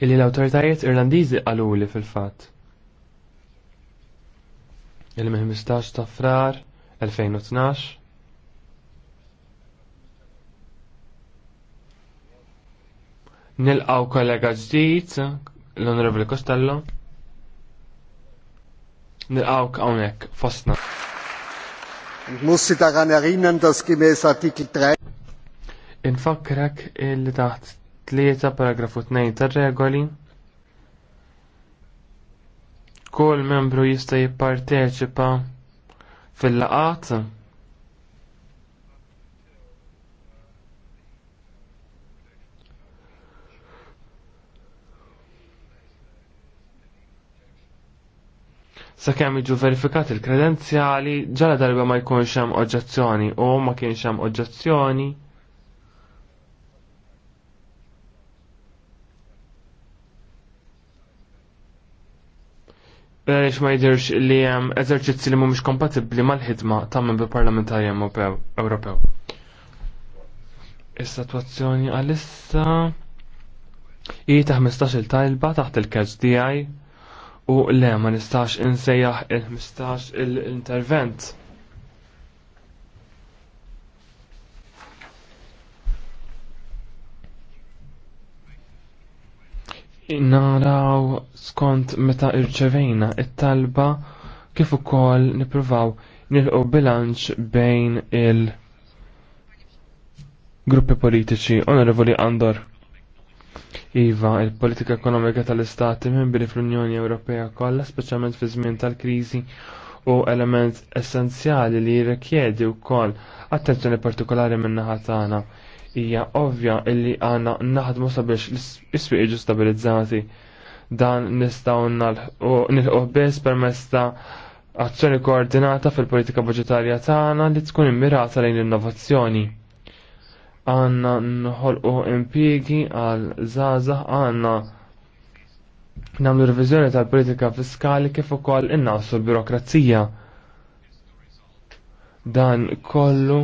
illi l-awtoritajiet Irlandiżi li fil-fatt. Il-15 ta' frar 2012 Nil-għaw kollega ġdijt l-Onorevoli Kostello Nil-għaw kawnek fosna Mussi daran erinnern, dass gemäß artikli 3 Infakkrek il taħt tlieta paragrafu 2 tar-regoli kull membru jista' jipparteċipa fil-laqat sakemm jiġu verifikati l-kredenzjali ġala darba ma jkunx hemm oġġezzjoni u ma kienx hemm oġġezzjoni għalix ma jidirx li hemm eżerċizzi li mhumiex kompatibbli mal-ħidma ta' membri parlamentari Ewropew. is situazzjoni għalissa hi ta' 15-il talba taħt il-catch DI u le ma nistax insejjaħ il-15 il-intervent. il 15 il intervent naraw skont meta irċevejna it-talba kif ukoll nippruvaw nilqu bilanċ bejn il- gruppi politiċi onorevoli Andor. Iva, il-politika ekonomika tal-Istati membri fl-Unjoni Ewropea kollha, speċjalment fi żmien tal-kriżi, u element essenzjali li jirrikjedi wkoll attenzjoni partikolari min-naħa tagħna hija ovvja illi għana naħdmu sabiex l-isfiq iġu stabilizzati. Dan nistaw nilħuq biss permess ta' azzjoni koordinata fil-politika budgetarja tagħna li tkun immirata lejn l-innovazzjoni. Għanna nħolqu impjiegi għal żgħażagħ għandna namlu revizjoni tal-politika fiskali kif ukoll innaqsu l-birokrazija. Dan kollu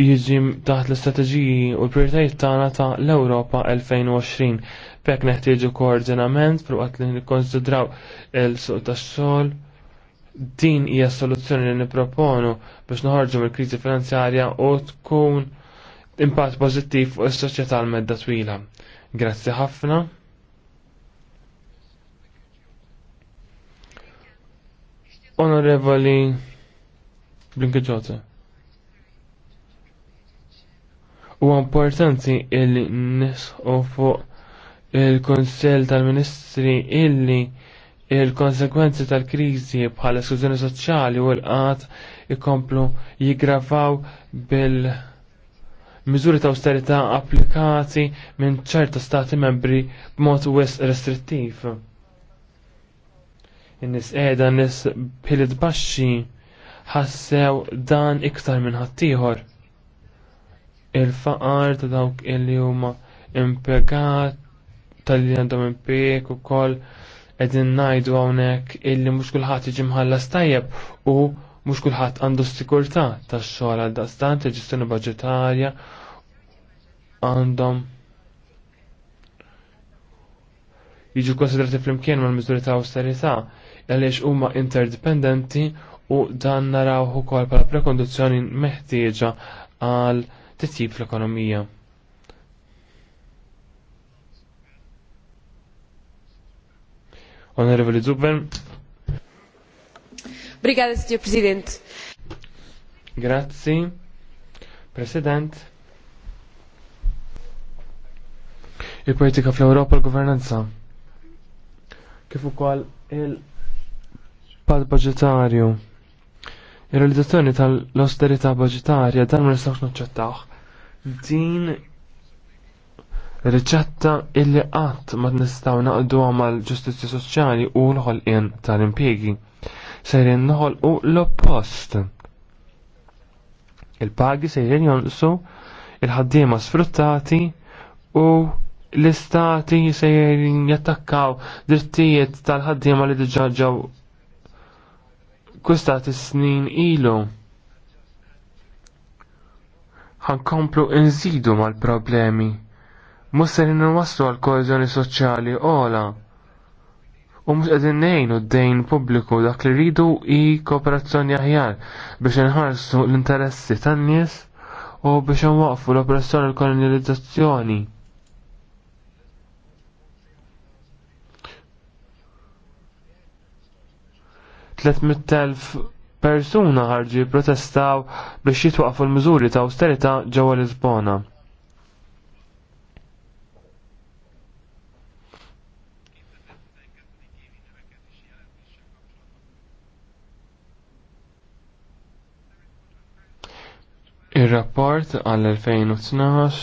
jiġi taħt l-istrateġiji u l-prioritajiet tagħna ta' l-Ewropa 2020. Pek neħtieġu koordinament pru għat li nikkonsidraw il-suq tas xogħol Din hija soluzzjoni li nipproponu biex noħorġu mill-kriżi finanzjarja u tkun impatt pożittiv fuq is-soċjetà l-medda twila. Grazzi ħafna. Onorevoli Blinkeġote. U importanti illi nisħu fuq il-Konsell tal-Ministri illi il-konsekwenzi tal-krizi bħal esklużjoni soċjali u l-qat ikomplu jiggravaw bil- miżuri ta' austerità applikati minn ċerta stati membri b'mod wis restrittiv. In-nies qiegħda nies bil baxxi ħassew dan iktar minn ħaddieħor il-faqar ta' dawk illi huma impjegat tal-li għandhom impjeg ukoll qegħdin ngħidu hawnhekk illi mhux kulħadd jiġi mħallas tajjeb u mhux kulħadd għandu sikurtà tax-xogħol għal daqstant il-ġestjoni budgetarja għandhom jiġu konsidrati fl-imkien mal-miżuri ta' austerità għaliex huma interdipendenti u dan naraw ukoll bħala prekondizzjoni meħtieġa għal titjib fl-ekonomija. Onorevoli Zubben. Brigada, signor President. Grazie. President. Il-politika fl-Europa l-governanza. Kif ukoll il-pad budgetarju Ir-realizzazzjoni tal-austerità budgetarja dan ma nistgħux naċċettawh. Din riċetta illi qatt ma nistgħu naqdu mal ġustizzja soċjali u l-ħolqien tal se Sejrin u l-oppost. Il-pagi sejrin jonqsu il-ħaddiema sfruttati u l-istati sejrin jattakkaw drittijiet tal-ħaddiema li diġaġaw kustat snin ilu. Ħankomplu nżidu mal-problemi. Musser waslu għal koezjoni soċjali ola. U mux għedin nejnu d-dejn publiku dak li rridu i kooperazzjoni aħjar biex nħarsu l-interessi tan-nies u biex nwaqfu l-oppressjoni l-kolonizzazzjoni. 300.000 persuna ħarġu jipprotestaw biex jitwaqfu l-miżuri ta' austerita ġewwa Lisbona. Ir-rapport għall 2012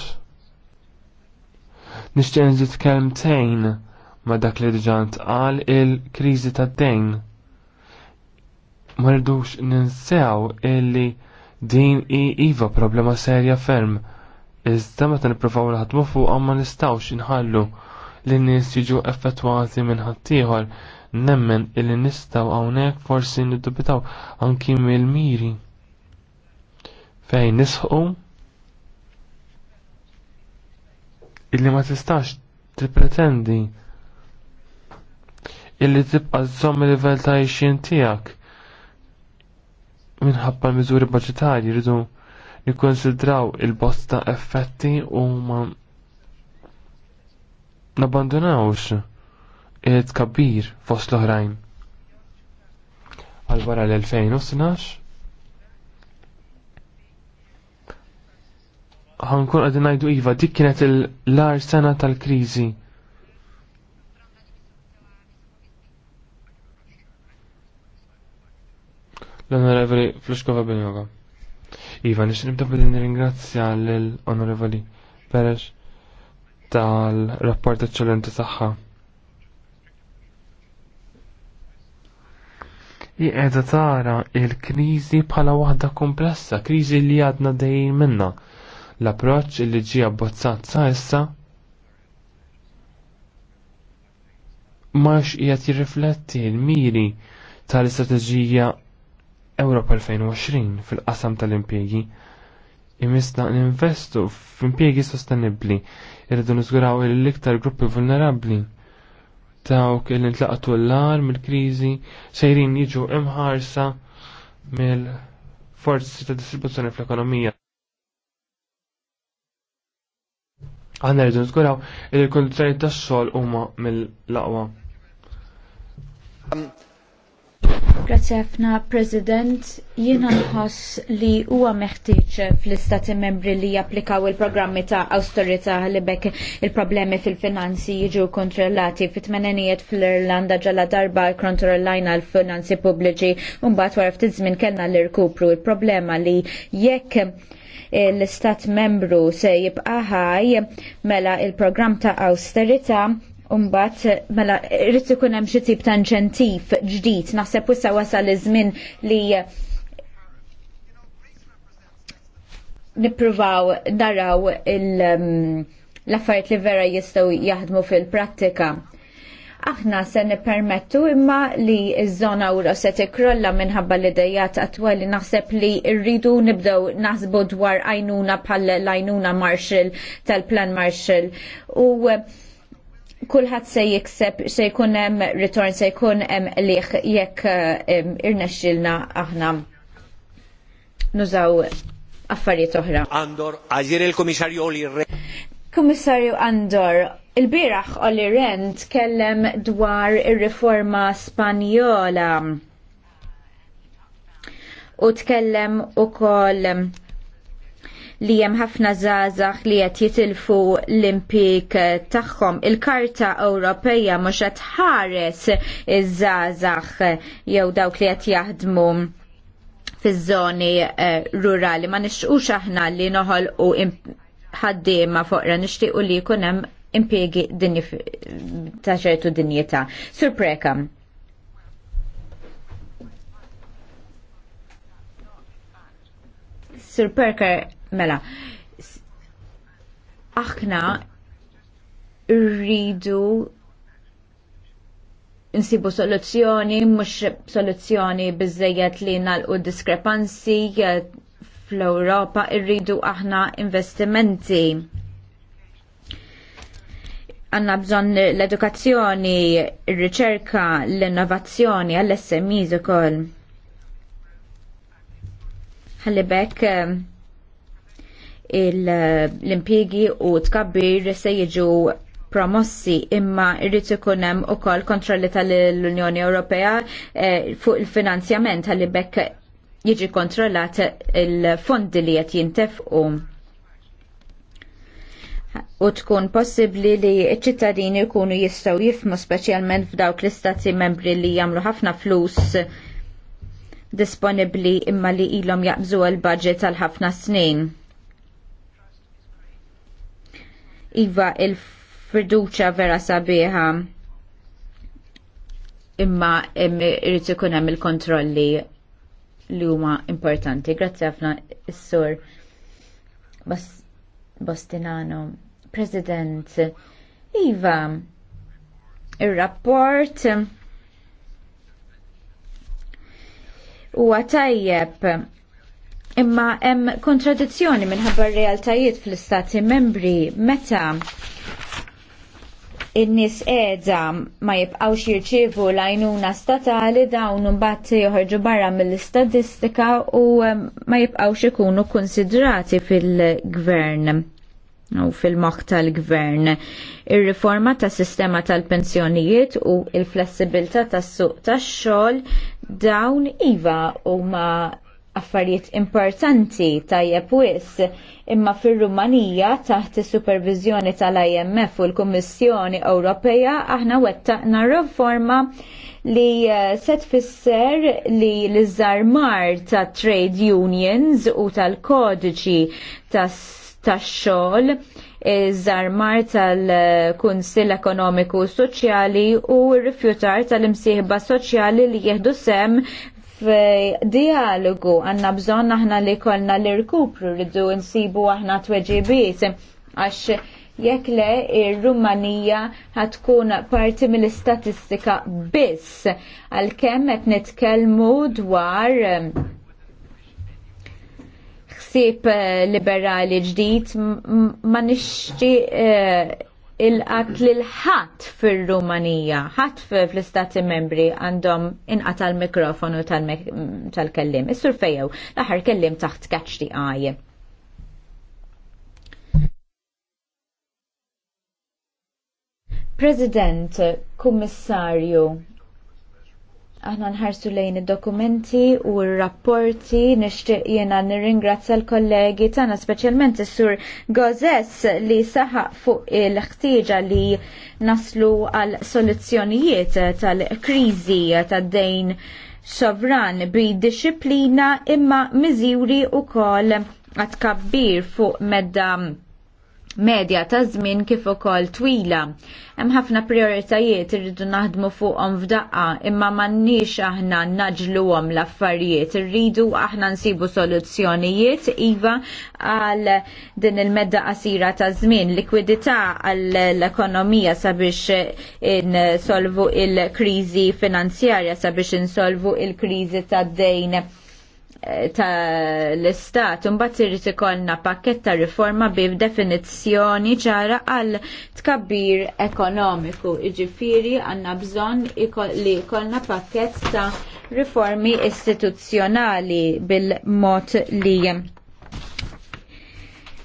nixtieq nżid kelmtejn ma' dak li diġà ntqal il-kriżi tad-dejn. Ma rridux ninsew illi din i iva problema serja ferm. Iżda meta nippruvaw naħdmu fuq ma nistgħux inħallu li n-nies jiġu effettwati minn ħaddieħor nemmen illi nistgħu hawnhekk forsi niddubitaw anki mill-miri. Fejn nisħu illi ma tistax tippretendi illi tibqa' żomm il-livell ta' ixjien tiegħek minħabba miżuri budġetarji rridu nikkonsidraw il-bosta effetti u ma nabbandonawx il-tkabbir fost l-oħrajn. Għal wara l-2012 ħankun għadin najdu Iva, dik kienet l-lar sena tal-krizi l-Onorevoli Fluskova Benjova. Iva, nix nibda bidin ringrazzja l-Onorevoli Perex tal-rapport eccellenti saħħa. Hi tara il-kriżi bħala waħda komplessa, kriżi li għadna dejjin minna. L-approċċ li ġie abbozzat sa issa marx qiegħed jirrifletti l-miri tal-istrateġija Europa 2020 fil-qasam tal-impjegi imisna ninvestu f'impjegi sostenibbli irridu niżguraw l-iktar gruppi vulnerabbli dawk il intlaqtu l-lar mill-kriżi sejrin jiġu imħarsa mill-forzi ta' distribuzzjoni fl-ekonomija. Għanna rridu niżguraw il-kondizzjoni tax-xogħol huma mill laqwa um, Grazie ħafna President, jiena nħoss li huwa meħtieġ fl-istati membri li japplikaw il-programmi ta' austerità li bekk il-problemi fil-finanzi jiġu kontrollati fit-tmenenijiet fl-Irlanda ġala darba kontrollajna l-finanzi pubbliċi u mbagħad wara ftit żmien kellna l-irkupru il-problema li jekk l-istat membru se jibqa' ħaj mela il-programm ta' austerità Umbat, mela, rritu ikun hemm xi tip ta' inċentiv ġdid, naħseb issa wasal iż-żmien li nippruvaw naraw um, l-affarijiet li vera jistgħu jaħdmu fil-prattika aħna se nipermettu imma li iż-żona uro se tikrolla minħabba li dejjat attwali naħseb li rridu nibdew naħsbu dwar għajnuna bħal l-għajnuna Marshall tal-Plan Marshall u kulħadd se jikseb se jkun hemm return se jkun hemm liħ jekk eh, irnexxilna aħna nużaw affarijiet oħra. Andor, għażir il-komissarju Oli Ren. Komissarju Andor, il-biraħ Oli Ren tkellem dwar ir-riforma Spanjola u tkellem ukoll li hemm ħafna zazax li qed jitilfu l-impik tagħhom. Il-Karta Ewropeja mhux qed tħares iż-żgħażagħ jew dawk li qed jaħdmu fiż-żoni eh, rurali. Ma nixqux aħna li noħolqu ħaddiema foqra nixtiequ li jkun hemm impjegi ta' ċertu dinjeta. Sur prekam. Sir Perker Mela, aħna rridu insibu soluzzjoni, mux soluzzjoni bizzejet li nalqu diskrepanzi fl-Europa rridu aħna investimenti. Għanna bżon l-edukazzjoni, il-riċerka, l-innovazzjoni, għall-SMEs u koll. bekk, eh, l-impjegi u tkabbir se jiġu promossi imma irrid ikun hemm ukoll kontrolli tal-Unjoni Ewropea eh, fuq il-finanzjament għalli bekk jiġi kontrollat il-fondi li qed jintefqu u tkun possibbli li ċ-ċittadini jkunu jistgħu jifmu speċjalment f'dawk l-istati membri li jagħmlu ħafna flus disponibbli imma li ilhom jaqbżu l-budget għal ħafna snin Iva il-fiduċa vera sabiħa imma irrid ikun hemm il-kontrolli li huma importanti. Grazzi ħafna is-sur Bostinano, President Iva, ir-rapport huwa tajjeb Imma hemm kontradizzjoni minħabba r-realtajiet fl-istati membri meta in-nies qiegħda ma jibqgħux jirċievu l-għajnuna statali dawn imbagħad joħorġu barra mill-istatistika u ehm, ma jibqgħux ikunu konsidrati fil-gvern u fil-moħħ tal-gvern. Ir-riforma tas sistema tal-pensjonijiet u l flessibilità tas-suq tax-xogħol dawn iva huma affarijiet importanti tajjeb wis imma fir-Rumanija taħt is-supervizjoni tal-IMF u l-Kummissjoni Ewropea aħna wettaqna r-reforma li eh, set fisser li l-żarmar ta' trade unions u tal-kodiċi tax-xogħol eh, żarmar tal-Kunsill Ekonomiku Soċjali u r-rifjutar tal-imsieħba soċjali li jieħdu sem fej dialogu għanna bżon aħna li kolna li rkupru rridu nsibu aħna tweġibiet għax jekk le ir-Rumanija ħatkun parti mill-istatistika biss għalkemm qed nitkellmu dwar ħsieb eh, liberali ġdid ma nixti eh, il-qatl qat lil ħat fil-istati membri għandhom inqata l-mikrofonu tal-kellim. Is-sur fejjew, l-aħar kellim taħt kaċti għaj. President, Kummissarju, Aħna nħarsu lejn id-dokumenti u r-rapporti nixtieq jiena nirringrazzja l-kollegi tagħna speċjalment is-sur Gozes li saħaq fuq il-ħtieġa li naslu għal soluzzjonijiet tal-kriżi tad-dejn sovran bi disciplina imma miżuri wkoll għat kabbir fuq medda medja ta' żmien kif ukoll twila. Hemm ħafna prioritajiet irridu naħdmu fuqhom f'daqqa imma m'għandniex aħna naġluhom l-affarijiet, irridu aħna nsibu soluzzjonijiet iva għal din il-medda qasira ta' żmien, likwidità għall ekonomija sabiex insolvu il-kriżi finanzjarja sabiex insolvu il-kriżi tad-dejn ta' l-istat mbagħad irid ikollna pakkett ta' riforma bi definizzjoni ċara għal tkabbir ekonomiku. Jiġifieri għanna bżonn li jkollna pakkett ta' riformi istituzzjonali bil-mod li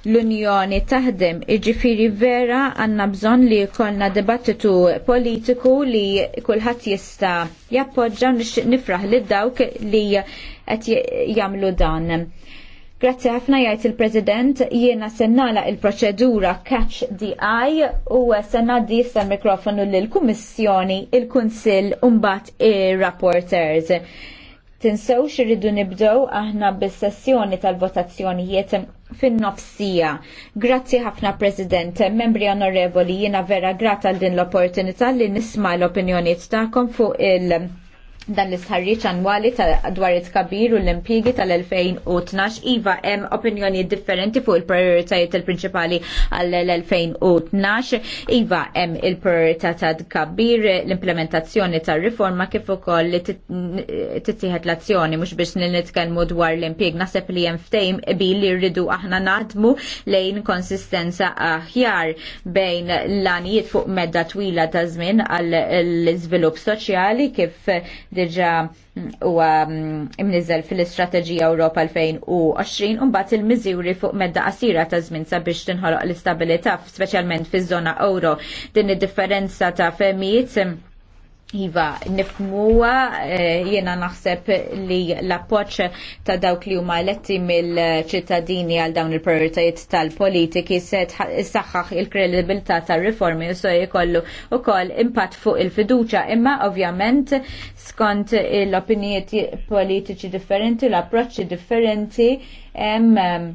l-Unjoni taħdem iġifiri vera għanna bżon li kolna dibattitu politiku li kullħat jista jappoġġa nifraħ li dawk li qed jagħmlu dan. Grazzi ħafna jgħid il-President, jiena sennala il-proċedura Catch the Eye u senna di l-mikrofonu l-Kummissjoni, il kunsill umbat il-Rapporters. Tinsew xirridu nibdow aħna bis-sessjoni tal-votazzjonijiet fin-nofsija. Grazzi ħafna President, membri onorevoli, jiena vera grata għal din l-opportunità li nisma l-opinjoniet ta'kom fuq il- dan l-istħarriċ annwali dwar it-kabir u l impigi tal-2012 iva hemm opinjoni differenti fuq il-prioritajiet il-prinċipali għall-2012 iva hemm il-priorità ta' kabir l-implementazzjoni tar-riforma kif ukoll li tittieħed l-azzjoni mhux biex nitkellmu dwar l-impjieg naħseb li hemm ftehim qbil li rridu aħna naħdmu lejn konsistenza aħjar bejn l-għanijiet fuq medda twila ta' żmien għall-iżvilupp soċjali kif diġa mm, u mm, imniżel fil-Istrateġija Europa 2020 u mbagħad il-miżuri fuq medda qasira ta' żmien sabiex tinħoloq l-istabilità speċjalment fiż-żona euro din id-differenza ta' femijiet mm, Iva, nifmuwa, eh, jena naħseb li l-appoċ ta' dawk li huma eletti mill-ċittadini għal dawn il-prioritajiet tal-politiki se tsaħħaħ il-kredibilità tal-riformi u se jkollu wkoll impatt fuq il fiduċja Imma ovvjament skont l-opinijiet politiċi differenti, l-approċċi differenti, hemm eh,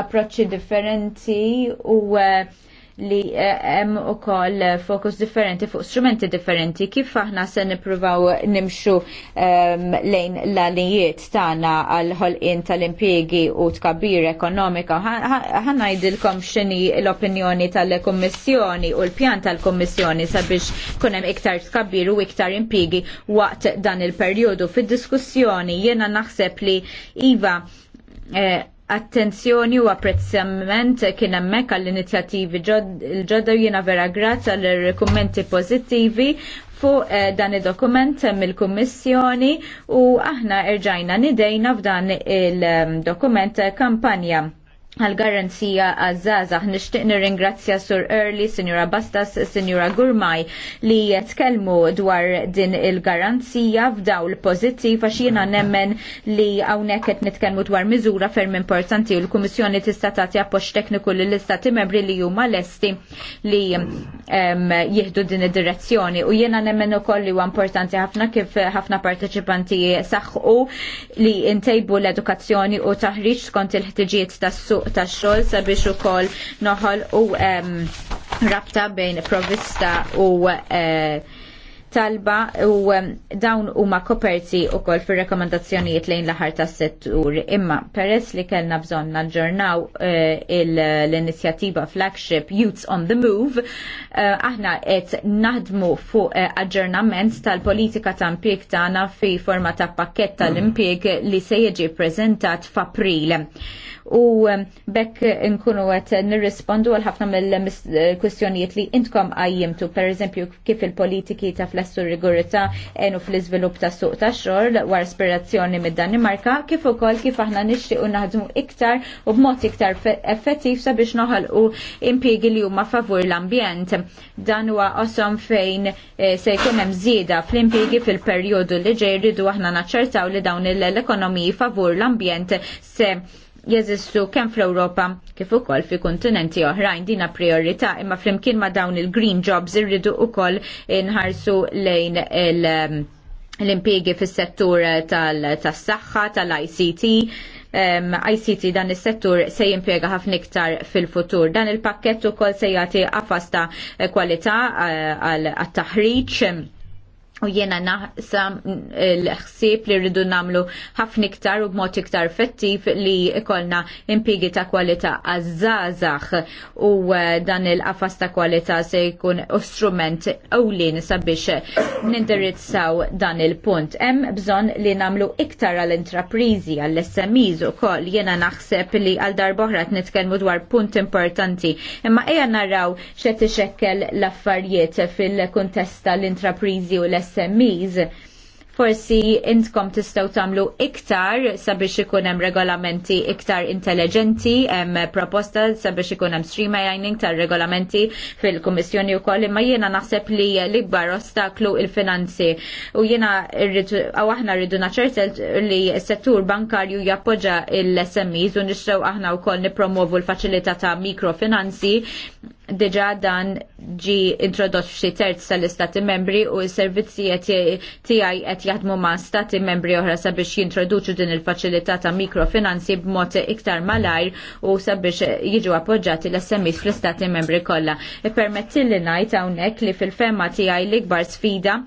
approċċi differenti u uh, li eh, hemm ukoll fokus differenti fuq strumenti differenti kif aħna se nippruvaw nimxu um, lejn l-alijiet tagħna għal ħolqien tal-impjiegi u tkabbir ekonomika. jdilkom x'inhi l-opinjoni tal-Kummissjoni u l-pjan tal-Kummissjoni sabiex kun hemm iktar tkabbir u iktar impjiegi waqt dan il-perjodu. Fid-diskussjoni jiena naħseb li iva eh, attenzjoni u apprezzament kien hemmhekk għall-inizjattivi ġodda jiena vera grazz għall kummenti pożittivi fuq eh, dan id-dokument mill-Kummissjoni u aħna erġajna nidejna f'dan il-dokument eh, kampanja għal-garanzija għazzazax. Nishtiq nir-ringrazzja Sur Early, Signora Bastas, Signora Gurmaj li jetkelmu dwar din il-garanzija f'daw l-pozittiv għax nemmen li hawnhekk qed nitkellmu dwar miżura ferm importanti u l-Kummissjoni tista' tagħti appoġġ tekniku lill istati membri li huma lesti li jieħdu din id-direzzjoni u jiena nemmen ukoll li huwa importanti ħafna kif ħafna parteċipanti saħħu li ntejbu l-edukazzjoni u taħriġ skont il-ħtiġijiet tas-suq suq tax xogħol sabiex ukoll noħol u rabta bejn provista u e, talba u dawn huma koperti wkoll fir-rekomandazzjonijiet lejn l-aħħar tas-settur. Imma peress li kellna bżonn naġġornaw e, l-inizjattiva flagship Youths on the Move, e, aħna qed naħdmu fuq aġġornament tal-politika ta' impjieg tagħna fi forma ta' pakkett tal-impjieg li se jiġi ppreżentat f'April u bekk nkunu għet nirrispondu għal ħafna mill-kwistjonijiet li intkom għajjimtu, per eżempju kif il-politiki ta' flessu rigurita enu fl-izvilup ta' suq ta' xor war aspirazzjoni mid-Danimarka, kif ukoll kif aħna nixtiequ naħdmu iktar u b'mod iktar effettiv sabiex u impjiegi li huma favur l-ambjent. Dan huwa osom fejn eh, se jkun hemm żieda fl-impjiegi fil-perjodu li ġej rridu aħna naċċertaw li dawn l-ekonomiji favur l-ambjent se jeżistu kemm fl-Ewropa kif ukoll fi kontinenti oħrajn dina priorità imma flimkien ma' dawn il-green jobs irridu ukoll inħarsu lejn il- um, l-impiegi fis-settur tas-saħħa, tal-ICT, um, ICT dan is-settur se jimpjega ħafna iktar fil-futur. Dan il-pakkett ukoll se jagħti għafasta kualita kwalità uh, għal taħriġ U jiena naħsam l-ħsib li rridu namlu ħafna iktar u b'mod iktar fettif li ikolna impigi ta' kwalità għazzazax u eh, dan il-qafas ta' kwalità se jkun strument ewlien sabiex nindirizzaw dan il-punt. Hemm bżonn li namlu iktar għall-intraprizi, għall-SMEs ukoll jiena naħseb li għal darboħra nitkellmu dwar punt importanti. Imma ejja naraw x'e tixekkel l-affarijiet fil kuntesta tal-intraprizi u l l-SMEs. Forsi intkom tistgħu tagħmlu iktar sabiex ikun hemm regolamenti iktar intelligenti, hemm proposta sabiex ikun hemm streamlining tar-regolamenti fil-Kummissjoni wkoll imma jiena naħseb li l-ikbar ostaklu il-finanzi u jiena aw aħna rridu naċertel li s-settur bankarju jappoġġa l-SMEs u nixtrew aħna wkoll nippromovu l-faċilità ta' mikrofinanzi Deġa dan ġi introdott f'xi terz tal-istati membri u s-servizzi tiegħi qed jaħdmu ma' stati membri oħra sabiex jintroduċu din il-faċilità ta' mikrofinanzi b'mod iktar malajr u sabiex jiġu appoġġati l-SMIs fl-istati membri kollha. Ippermettilli ngħid hawnhekk li fil-femma tiegħi l-ikbar sfida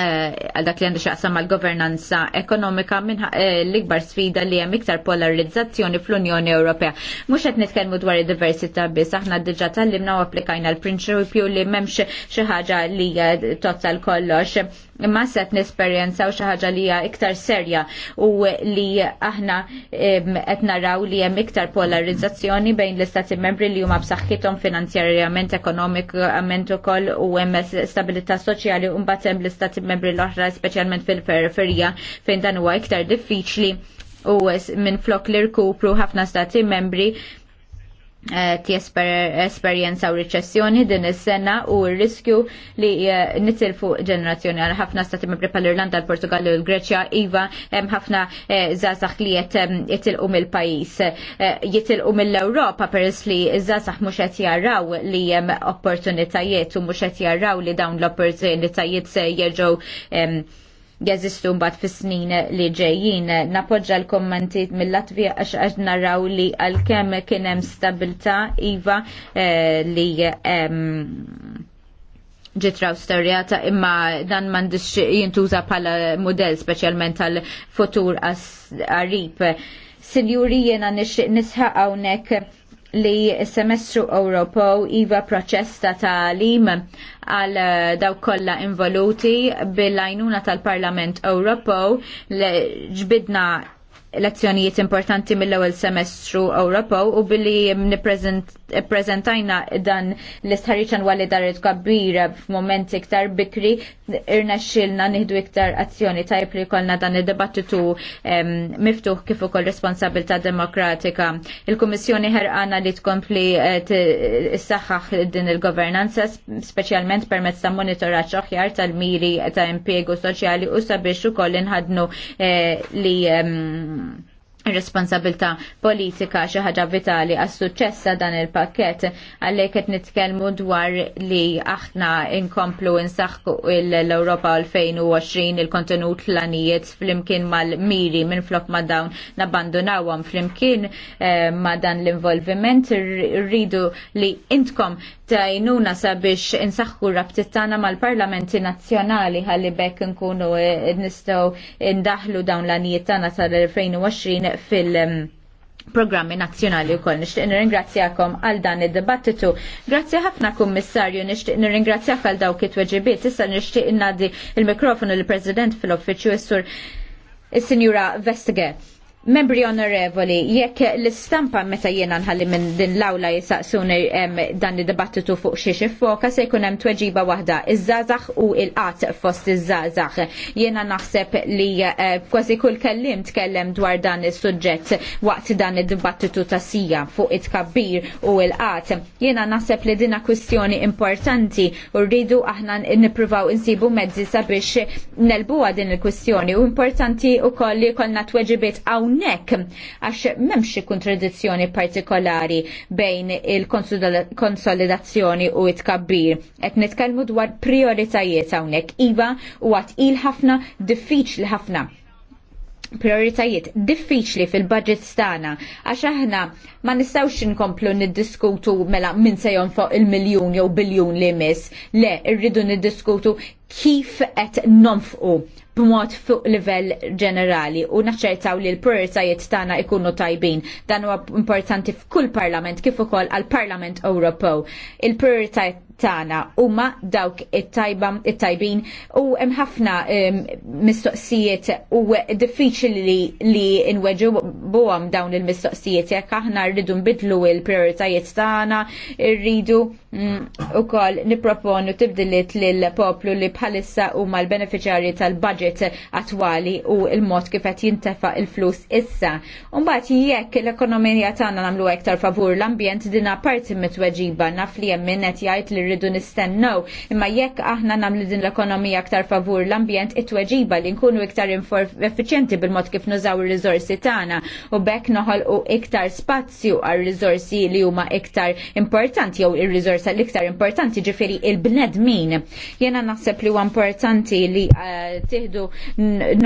Eh, għal dak li għandu xaqsam għal governanza ekonomika minn eh, l-ikbar sfida li hemm iktar polarizzazzjoni fl-Unjoni Ewropea. Mhux qed nitkellmu dwar id-diversità biss, aħna diġà tallimna u applikajna l-prinċipju li m'hemmx xi ħaġa li tozza l-kollox imma set nesperjenzaw xi ħaġa li hija iktar serja u li aħna qed naraw li hemm iktar polarizzazzjoni bejn l-istati membri li huma b'saħħithom finanzjarjament ekonomikament ukoll u hemm stabilità soċjali u mbagħad hemm l-istati membri l-oħra speċjalment fil-periferija fejn dan huwa iktar diffiċli u minn flok l-irkupru ħafna stati membri Eh, ti esperienza u riċessjoni din is-sena u r-riskju li eh, nitilfu ġenerazzjoni għal ħafna stati membri pal-Irlanda, l-Portugal u l-Greċja, iva hemm ħafna żgħażagħ eh, li qed jitilqu mill-pajjiż. Jitilqu mill-Ewropa peress li żgħażagħ mhux qed jarraw li hemm opportunitajiet u mhux qed jarraw li dawn l-opportunitajiet se jerġgħu jeżistu mbagħad fis-snin li ġejjin. Napoġġa l-kommenti mill-Latvija għax għax narraw li għalkemm kien hemm stabilità iva eh, li ġitraw storja storjata imma dan mandix jintuża pala model specialment tal-futur għarib. Sinjuri jena nisħaq hawnhekk li semestru Ewropew iva proċess ta' lim għal eh, daw kollha involuti bil-għajnuna tal-Parlament Ewropew li ġbidna lezzjonijiet importanti mill-ewwel semestru Ewropew u billi nippreżentajna dan l-istħarriċ annwali daret kabbira f'mument iktar bikri irna xilna nieħdu iktar azzjoni tajb li kollna dan id-dibattitu miftuħ kif ukoll responsabilità demokratika. Il-Kummissjoni ħerqana li tkompli eh, s din il-governanza, speċjalment permezz ta' monitoraġġ aħjar tal-miri ta' impjegu soċjali u sabiex ukoll inħadnu eh, li responsabilta politika xi ħaġa vitali għas suċċessa dan il-pakket għalhekk qed nitkellmu dwar li aħna inkomplu insaħħu l-Ewropa 2020 il-kontenut l-anijiet flimkien mal-miri minn flok ma dawn nabbandunawhom flimkien eh, ma dan l-involviment rridu li intkom tajnuna sabiex insaħħu rabtiet tagħna mal-parlamenti nazzjonali għalli bekk nkunu eh, nistgħu ndaħlu dawn l-anijiet tana tal-2020 fil- mm, programmi nazzjonali u koll. Nishtiq nirringrazzjakom għal dan id-dibattitu. Grazzi ħafna kummissarju, nishtiq nirringrazzjak għal dawk it-weġibiet. Issa nishtiq nadi il-mikrofonu l-President fil-Offiċju, is-Sur is-Sinjura Vestige. Membri onorevoli, jekk l-istampa meta jiena nħalli minn din l-awla jisaqsuni dan id-dibattitu fuq xi foka se jkun hemm tweġiba waħda, iż-żazax u l qat fost iż-żazax. Jiena naħseb li eh, kważi kull kellim tkellem dwar dan is-suġġett waqt dan id-dibattitu ta'sija fuq it-kabbir u l qat Jiena naħseb li dina kwestjoni importanti u rridu aħna nippruvaw insibu mezzi sabiex nelbuha din il kwestjoni u importanti wkoll li kollna tweġibiet hawn hawnhekk għax m'hemmx kontradizzjoni partikolari bejn il-konsolidazzjoni u it-kabbir. Qed nitkellmu dwar prioritajiet hawnhekk iva u għat il ħafna diffiċli ħafna prioritajiet diffiċli fil-budget stana għax aħna ma nistawx nkomplu niddiskutu mela minn sejon fuq il-miljun jew biljun li miss. Le, irridu niddiskutu kif qed nonfqu b'mod fuq livell ġenerali u naċċertaw li l-prioritajiet tagħna ikunu tajbin. Dan huwa importanti f'kull parlament kif ukoll għall Parlament Ewropew. Il-prioritajiet Tana huma dawk it-tajba tajbin u hemm ħafna mistoqsijiet u diffiċli li buħam dawn il-mistoqsijiet jekk aħna rridu nbidlu l prioritajiet tagħna, rridu mm, ukoll nipproponu tibdiliet lill poplu li bħalissa huma l beneficjari tal-budget attwali u l-mod kif qed jintefa' il-flus issa. Umbagħad jekk l-ekonomija tagħna nagħmlu aktar favur l-ambjent dina parti mitweġiba naf li hemm min qed jgħid li rridu nistennew. Imma jekk aħna nagħmlu din l-ekonomija aktar favur l-ambjent it-tweġiba li nkunu iktar effiċjenti bil-mod kif nużaw ir-riżorsi tagħna u bekk noħolqu iktar spazju għal riżorsi li huma iktar importanti jew ir-riżorsa l-iktar importanti ġifieri il-bnedmin. Jena naħseb li huwa importanti li eh, tieħdu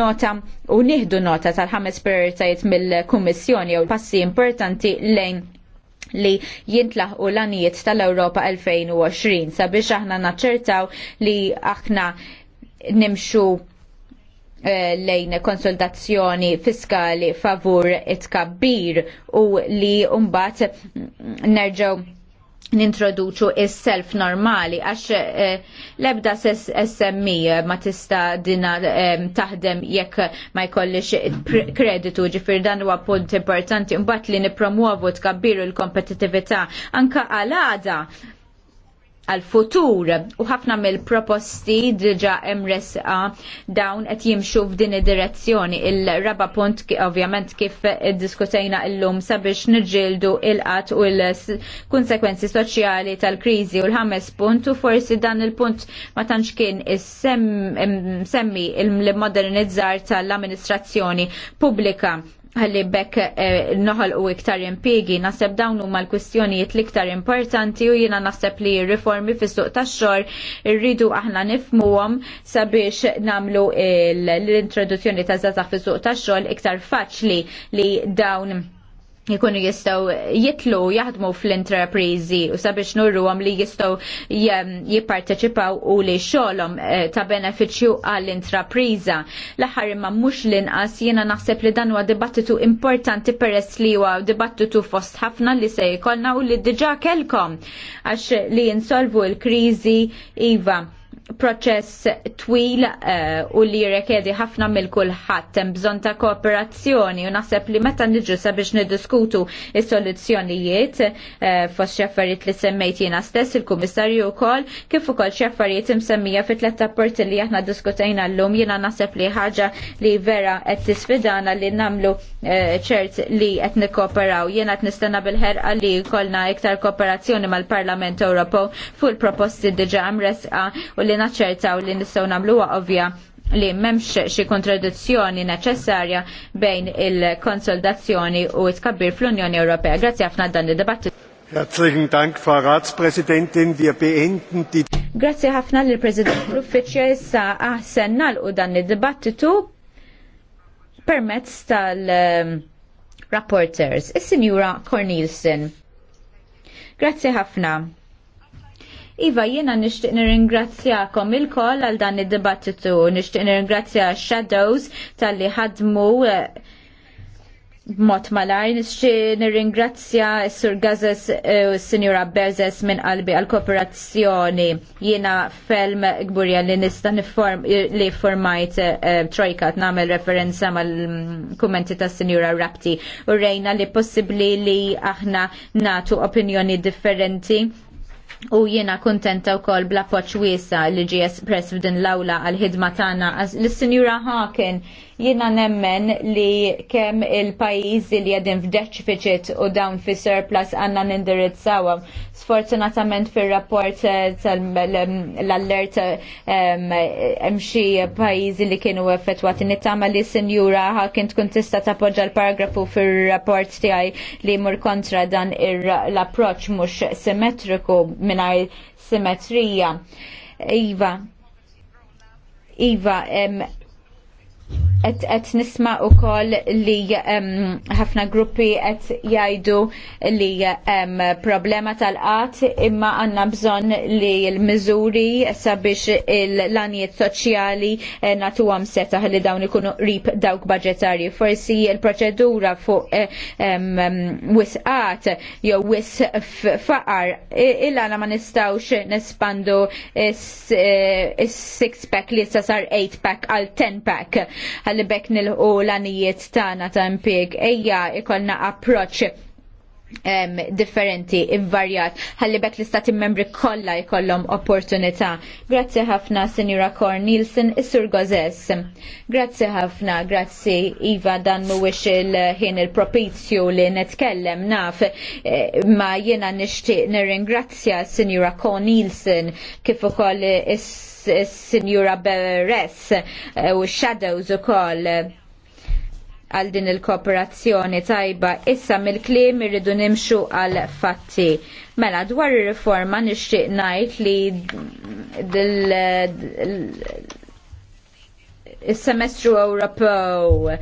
nota u nieħdu nota tal-ħames prioritajiet mill-Kummissjoni jew passi importanti lejn li jintlaħqu l-anijiet tal-Ewropa 2020 sabiex aħna naċċertaw li aħna nimxu eh, lejn konsultazzjoni fiskali favur it-kabbir u li umbat nerġaw nintroduċu is-self normali għax eh, l-ebda SMI eh, ma tista dina eh, taħdem jekk ma jkollix kreditu ġifir dan huwa punt importanti mbagħad li nipromuovu tkabbiru l-kompetitività anka għal għada għal-futur u ħafna mill-proposti diġa emresqa dawn qed jimxu f'din id-direzzjoni. Il-raba punt ovvjament kif diskutejna illum sabiex niġġieldu il-qatt u l-konsekwenzi soċjali tal-kriżi u l-ħames punt u forsi dan il-punt ma tantx kien semmi il-modernizzar tal-amministrazzjoni pubblika għalli bekk eh, noħal u iktar impiegi, naseb dawn huma l-kwistjonijiet l-iktar importanti u jina naseb li riformi fis suq tax-xor irridu aħna nifmuhom sabiex namlu l-introduzzjoni ta' zazax fis suq tax-xogħol iktar faċli li dawn jikunu jistaw jitlu jaħdmu fl-entreprizi u sabiex nurru għam li jistaw jipparteċipaw u li xolom eh, ta' beneficju għall-intrapriza. l imma mux l-inqas jena naħseb li dan huwa dibattitu importanti peress li huwa dibattitu fost ħafna li se jkollna u li diġa kelkom għax li jinsolvu l-krizi iva proċess twil eh, u li rekedi ħafna mill kulħadd hemm bżonn ta' kooperazzjoni u naħseb li meta niġu sabiex niddiskutu is-soluzzjonijiet eh, fost xaffarijiet li semmejt jiena stess il-Kummissarju wkoll kif ukoll xi affarijiet imsemmija fit tlet rapporti li aħna diskutejna llum jiena naħseb li ħaġa li vera qed tisfidana li nagħmlu eh, ċert li qed nikkooperaw. Jiena qed nistenna bil-ħerqa li jkollna iktar kooperazzjoni mal-Parlament Ewropew fuq il-proposti diġà mresqa u li ħalli naċċertaw li nistgħu nagħmluha ovvja li memx xi kontradizzjoni neċessarja bejn il-konsolidazzjoni u tkabbir fl-Unjoni Ewropea. Grazzi ħafna dan id-dibattit. Herzlichen Dank, Frau Ratspräsidentin. Wir beenden die. Grazie ħafna l president Ruffiċja issa aħsen ah, nalqu dan id-dibattitu permezz tal-rapporters, is-Sinjura Cornelsen. Grazie ħafna. Iva, jiena nishtiq nirringrazzjakom il-koll għal dan id-dibattitu, nishtiq nirringrazzja Shadows tal-li ħadmu eh, b'mod malaj. nishtiq nirringrazzja Sur Gazes eh, u Sinjura Berzes minn qalbi għal-kooperazzjoni. Jiena felm gburja li nista niform li formajt eh, trojka namel referenza mal kummenti ta' Sinjura Rapti u rejna li possibli li aħna natu opinjoni differenti U jiena kuntenta wkoll bla poċ wiesa li ġie espress f'din l-awla għal-ħidma tagħna l-Sinjura Haken, Jiena nemmen li kemm il-pajjiżi li qegħdin f'deċifiċit u dawn fi surplus għandna nindirizzawhom. Sfortunatament fir-rapport eh, l-allert ehm, hemm xi pajjiżi li kienu effettwati nittama li sinjura kien tkun tista' tappoġġa l-paragrafu fir-rapport tiegħi li mur kontra dan l-approċċ mhux simmetriku mingħajr simetrija. Iva, Iva, qed nisma wkoll li ħafna gruppi qed jgħidu li hemm problema tal qat imma għandna bżonn li l-miżuri sabiex il-lanijiet soċjali eh, nagħtuhom setaħ li dawn ikunu qrib dawk budgetari. Forsi l-proċedura fuq eh, wisqat jew wis faqar illa ma nistgħux nespandu is-six eh, pack li sasar 8 eight pack għal ten pack li bekk nilqu l-anijiet tagħna ta' impjeg ejja ikolna approċċ um, differenti, invarjat, ħalli bekk l-istati membri kollha jkollhom opportunità. Grazzi ħafna, Sinjura Kor Is-Sur Gozes. Grazzi ħafna, grazzi Iva dan mhuwiex il-ħin il-propizju li netkellem naf eh, ma jiena nixtieq nirringrazzja Sinjura Cornelsen kif ukoll is-Sinjura Beres eh, u Shadows ukoll għal din il-kooperazzjoni tajba issa mill-kliem irridu nimxu għal fatti. Mela dwar ir-riforma nixtieq ngħid li il-semestru Ewropew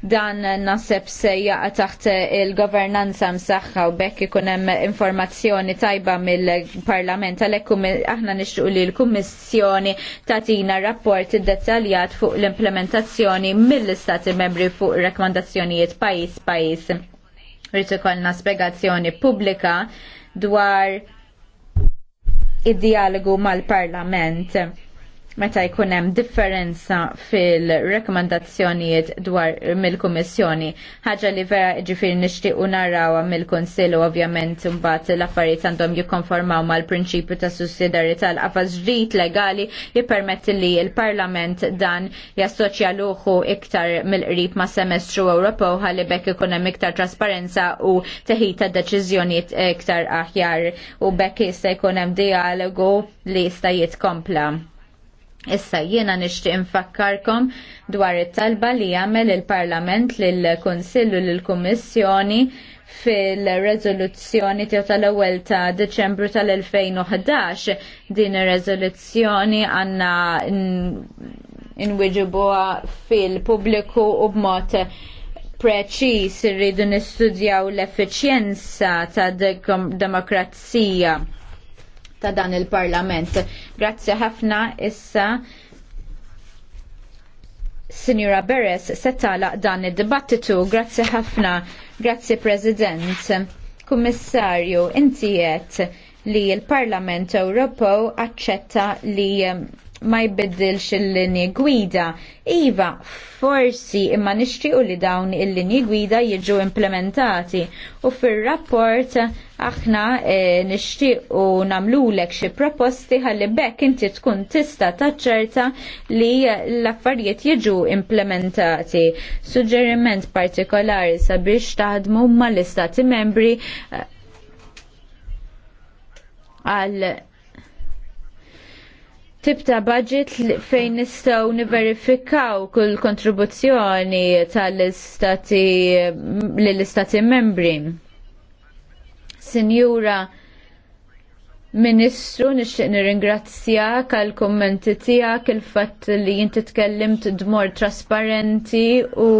dan naseb sejja taħt il-governanza msaħħa u bekk ikun hemm informazzjoni tajba mill-Parlament għalhekk aħna nixtieq li l-Kummissjoni tagħtina rapport dettaljat fuq l-implementazzjoni mill-Istati membri fuq rakkomandazzjonijiet pajjiż pajjiż. Rrid ikollna spjegazzjoni pubblika dwar id-dialogu mal-Parlament meta jkun hemm differenza fil-rekomandazzjonijiet dwar mill-Kummissjoni, ħaġa li vera nixtieq nixtiequ narawha mill-Kunsill ovvjament imbagħad l-affarijiet għandhom jikkonformaw mal-prinċipju ta' sussidjarjetà l-qafas ġdid legali jippermetti li l-Parlament dan jassoċja luħu iktar mill-qrib ma' semestru Ewropew ħalli bekk ikun hemm iktar trasparenza u teħita deċiżjonijiet iktar aħjar u bekk jista' jkun hemm dialogu li jista' jitkompla Issa jiena nixtieq infakkarkom dwar it-talba li jagħmel il-Parlament lill-Kunsill u lill-Kummissjoni fil-rezoluzzjoni tiegħu tal-ewwel ta' Deċembru tal-2011 din ir-rezoluzzjoni għandna inwiġibuha fil-pubbliku u b'mod preċiż irridu nistudjaw l-effiċjenza tad demokrazija ta' dan il-Parlament. Grazzi ħafna issa. Signora Beres se tagħlaq dan id-dibattitu. Grazzi ħafna, grazzi President. Kummissarju, inti li l-Parlament Ewropew aċċetta li um, ma jbiddilx il-linji gwida. Iva, forsi imma nixtiequ li dawn il-linji gwida jiġu implementati u fir-rapport aħna e, eh, namlu lek xi proposti ħalli bekk inti tkun tista taċċerta li l-affarijiet jiġu implementati. Suġġeriment partikolari sabiex taħdmu mal istati membri eh, għal Tibta' budget fejn nistgħu niverifikaw kull kontribuzzjoni tal-istati lill-istati membri. Sinjura Ministru, nixtieq nirringrazzjak għal kummenti tiegħek il-fatt li jinti tkellimt dmor trasparenti u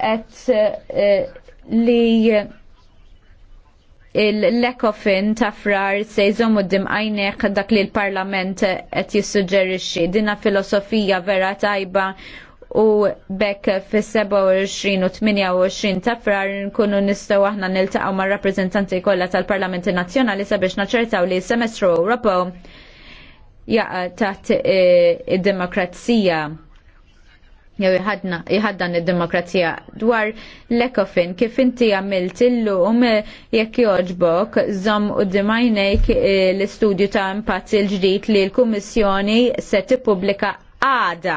qed eh, li l lekofin ta' frar se jżommu dimqajnek dak li l-parlament qed jissuġġerixxi. Dina filosofija vera tajba u bekk fis 27 u 28 ta' frar nkunu nistgħu aħna niltaqgħu mar rappreżentanti kollha tal-Parlamenti Nazzjonali sabiex naċċertaw li s-semestru Ewropew jaqa' taħt eh, id-demokrazija jew jħaddan id-demokrazija dwar l-ekofin kif inti għamilt illum eh, jekk joġbok żomm u dimajnejk eh, l-istudju ta' impatt il-ġdid li l-Kummissjoni se tippubblika għada.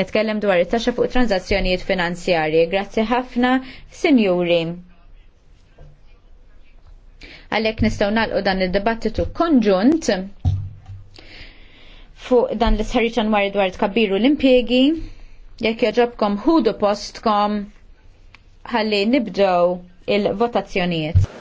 Netkellem dwar it-taxxa fuq tranzazzjonijiet finanzjarji. Grazzi ħafna, sinjuri. Għalhekk nistgħu nagħlqu dan id-dibattitu konġunt fuq dan l sħarriċan dwar dwar kabiru l impiegi Jekk jogħġobkom ħudu postkom ħalli nibdew il-votazzjonijiet.